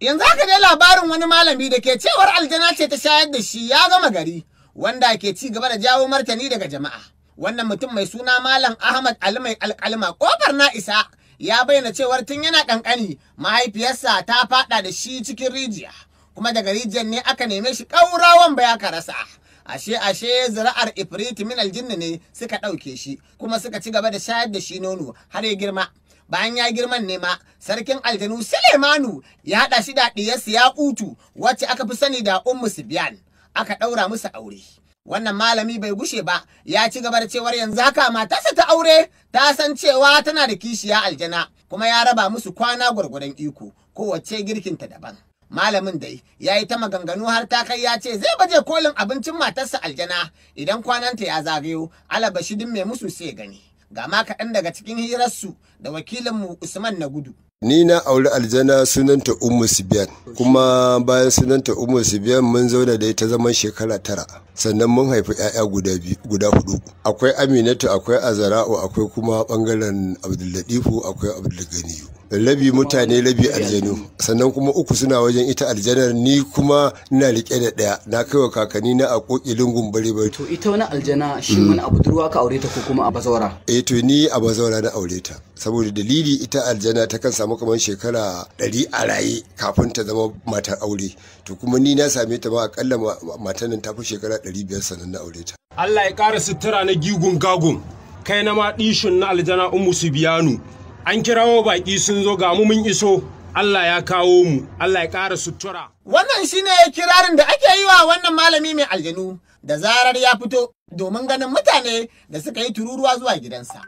Yanzu haka dai labarin wani malami da ke cewar aljana ce ta shayar da shi ya gama gari, wanda ke ci gaba da jawo martani daga jama'a. Wannan mutum mai suna Malam Ahmad Ali mai kofar kofar na isa ya bayyana cewar tun yana ƙanƙani mahaifiyarsa ta faɗa da shi cikin rijiya, kuma daga rijiyar ne aka neme shi kaurawan ba ya rasa. ashe ashe zara'ar ifrit min aljinni ne suka ɗauke shi kuma suka ci gaba da shayar da shi nono har ya girma bayan ya girman ne ma sarkin aljanu Sulemanu ya haɗa shi da ɗiyarsa ya kutu wacce aka fi sani da ummu Sibiyan aka ɗaura musu aure wannan malami bai gushe ba ya ci gaba da cewar yanzu haka matarsa ta aure ta san cewa tana da kishiya aljana kuma ya raba musu kwana gwargwadon iko kowace girkinta daban malamin dai ya yi ta maganganu har ta kai ya ce zai baje kolin abincin matarsa aljana idan kwananta ya zagayo alabashidin mai musu sai gani ga ma kaɗan daga cikin hirarsu da wakilinmu usman na gudu ni na auri aljana sunanta ummu sibiyan kuma bayan sunanta ummu sibiyan mun zauna da ita zaman shekara tara sannan mun haifi 'ya'ya guda hudu akwai aminatu akwai azara'u akwai kuma bangaren abdullatifu akwai abdullaganiyu rabi mutane rabi aljanu sannan kuma uku suna wajen ita aljanar ni kuma ina rike da daya na kaiwa kakanni na a kokilin gumbare bai to ita wani aljana shi wani abu durwa ka aure ta ko kuma a bazawara eh to ni a bazawara na aure ta saboda dalili ita aljana ta kan samu kamar shekara ɗari a raye kafin ta zama matar aure to kuma ni na same ta ba akalla matan nan ta fi shekara ɗari biyar sannan na aure ta Allah ya ƙara sutura na gigun gagun kai na ma ɗishin na aljana umu subiyanu an kirawo baƙi sun zo ga mu mun iso Allah ya kawo mu Allah ya ƙara sutura wannan shine kirarin da ake yi wa wannan malami mai aljanu da zarar ya fito domin ganin mutane da suka yi tururuwa zuwa gidansa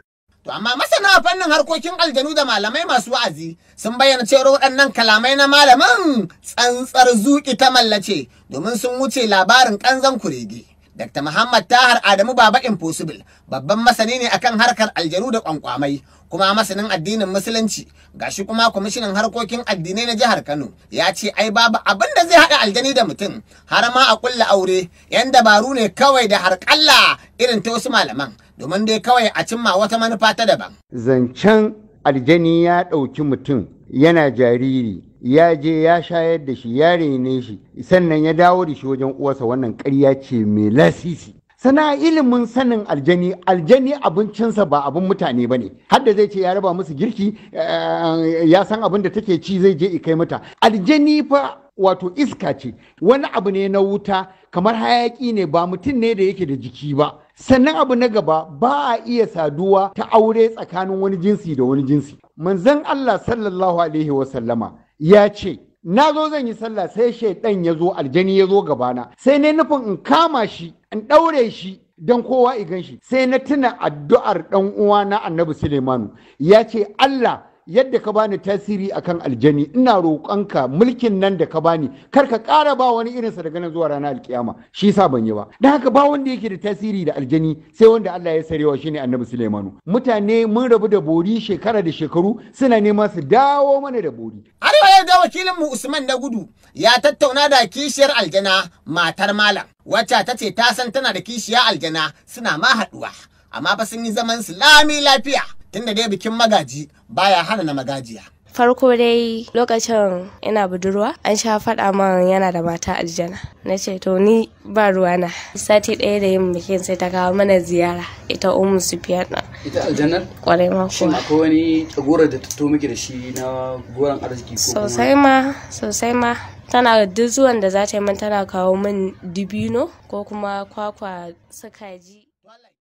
To amma masana fannin harkokin aljanu da malamai masu wa'azi sun bayyana cewa waɗannan kalamai na malamin tsantsar zuƙi ta mallace domin sun wuce labarin ƙanzan kurege. Dr. Muhammad Tahar Adamu Baba Impossible babban masani ne akan harkar aljaru da kwankwamai kuma masanin addinin musulunci gashi kuma kwamishinan harkokin addinai na jihar Kano ya ce ai babu abin da zai haɗa aljani da mutum har ma a kulla aure yan dabaru ne kawai da harƙalla irin ta wasu malaman domin dai kawai a cimma wata manufa ta daban. Zancen aljani ya ɗauki mutum yana jariri ya je ya shayar da shi ya rene shi sannan ya dawo da shi wajen uwarsa wannan karya ce mai lasisi sana ilimin sanin aljani aljani abincinsa ba abin mutane ba ne hadda zai ce ya raba musu girki eh, ya san abin da take ci zai je kai mata aljani fa wato iska ce wani abu ne na wuta kamar hayaki ne ba mutum ne da yake da jiki ba sannan abu na gaba ba a iya saduwa ta aure tsakanin wani jinsi da wani jinsi manzon Allah sallallahu alaihi wasallama ya ce na zo zan yi sallah sai shaidan ya zo aljani ya zo gabana sai ne nufin in kama shi in ɗaure shi don kowa i gan shi sai na tuna addu'ar ɗan uwa na annabi Suleimanu ya ce Allah yadda ka bani tasiri akan aljani ina roƙonka mulkin nan da ka bani kar ka ƙara ba wani sa daga nan zuwa ranar alkiyama shi sa ban yi ba dan haka ba wanda yake da tasiri da aljani sai wanda Allah ya sarewa shine Annabi Sulaimanu mutane mun rabu da bori shekara da shekaru suna neman su dawo mana da bori arewa ya ga wakilin mu Usman na gudu ya tattauna da kishiyar aljana matar malam wacce ta ce ta san tana da kishiya aljana suna ma haɗuwa amma ba sun yi zaman su lami lafiya tunda dai bikin magaji baya hana na magajiya farko dai lokacin ina budurwa an sha faɗa man yana da mata aljana na ce to ni ba ruwana sati ɗaya da yin bikin sai ta kawo mana ziyara ita umu su ita aljanar kwarai ma kuwa shin akwai wani tsagorar da ta miki da shi na goron arziki ko sosai ma sosai ma tana duk zuwan da za ta yi man tana kawo min dibino ko kuma kwakwa sukaji